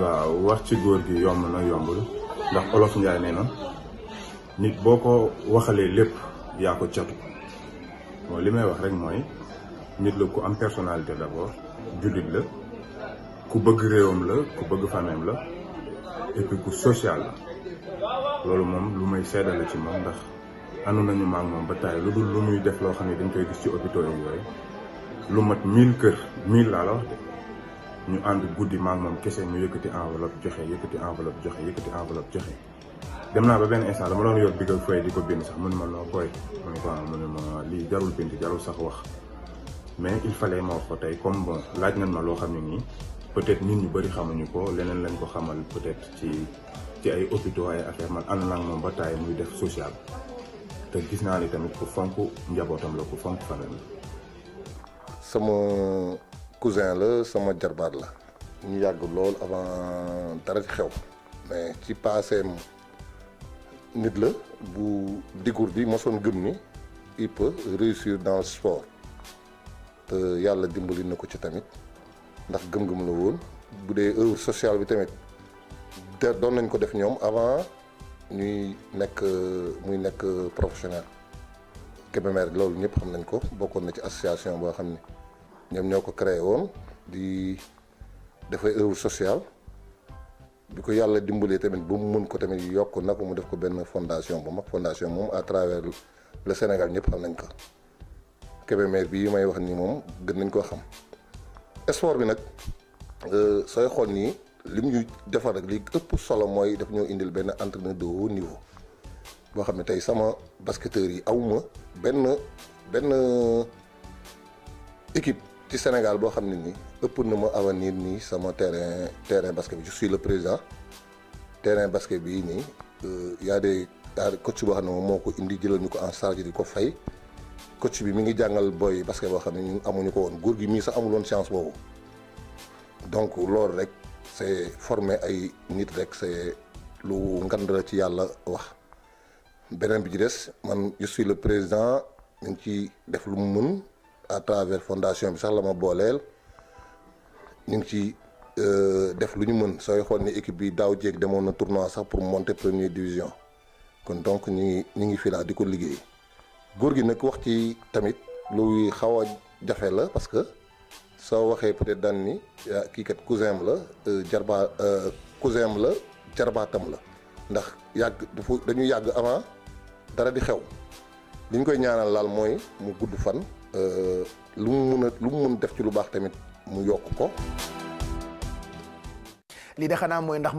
waaw wax ci góor gi yomb na yombul ndax olof njaay nee na nit boo ko waxalee lépp yaa ko catu mooy li may wax rek mooy nit la ku am personnalité d'abord jullit la ku bëgg réewam la ku bëgg famem la et social la loolu moom lu may seddale ci moom ndax ànd nañu maam moom ba taay lu dul lu muy def loo xam ne dañ koy gis ci hôpitaux yi yooyu lu mat mille kër mille laa la wax ñu ànd guddi maag moom kese ñu yëkkati enveloppe joxe yëkkati enveloppe joxe yëkkati enveloppe joxe dem naa ba benn instant dama doon yor bi nga fay di ko bind sax mun ma noo koy mu ne ko mu ne ma lii jarul bind jarul sax wax mais il fallait ma wax ko tey comme bon laaj nañ ma loo xam ne nii peut-être nit ñu bëri xamuñu ko leneen lañ ko xamal peut-être ci ci ay hôpitaux ay affaire man ànd naa moom ba taay muy def social te gis naa ni tamit ku fonk njabootam la ku fonk famille sama cousin la sama jarbaat la ñu yàgg lool avant dara ci xew mais ci paaseem nit la bu diggur bi mosoon gëm ni il peut réussir dans le sport te yàlla dimbali na ko ci tamit ndax gëm-gëm la woon bu dee œuvre sociale bi tamit te doon nañ ko def ñoom avant ñuy nekk muy nekk professionnel Kébémer loolu ñëpp xam nañ ko bokkoon na ci association boo xam ni ñoom ñoo ko créer woon di dafay œuvre sociale bi ko yàlla dimbalee tamit ba mu mën ko tamit yokk nag mu def ko benn fondation bu mag fondation moom à travers le Sénégal ñëpp xam nañ ko Kébémer bii may wax nii moom gën nañ koo xam sport bi nag euh, sooy xol nii lim ñu defar li ëpp solo mooy daf ñoo indil benn entraîneur de haut niveau boo xam ne tey sama basketteurs yi awma benn benn euh, équipe ci Sénégal boo xam ne nii ëpp na ma avenir nii sama terrain terrain basket bi je le président terrain basket bii nii euh, y a des coach boo xam ne moom moo ko indi jëlal ñu ko en charge di ko fay coach bi mu ngi jàngal boy basket boo xam ne ñun amuñu ko woon góor gi mii sax amul woon boobu donc loolu rek c'est former ay nit rek c'est lu ngand la ci yàlla wax beneen bi ci des man je le président mi ngi ci def lu mu mën à travers fondation bi sax la ma booleel ñu ngi ci euh, def lu ñu mën sooy xool ni équipe bi daaw jéeg demoon na tournoi sax pour monter première division kon donc ñu ngi ñu ngi filaa di ko liggéey góor gi nag wax ci tamit luy xaw a jafe la parce que soo waxee peut-être daan ni ah, kii kat cousin la euh, jarbaa euh, cousin la jarbaatam la ndax yàgg dafa dañu yàgg avant dara di xew li koy ñaanal laal mooy mu gudd fan Euh, lu mu mun a lu mu mun def ci lu baax tamit mu yokk ko. lii de xanaa mooy ndax.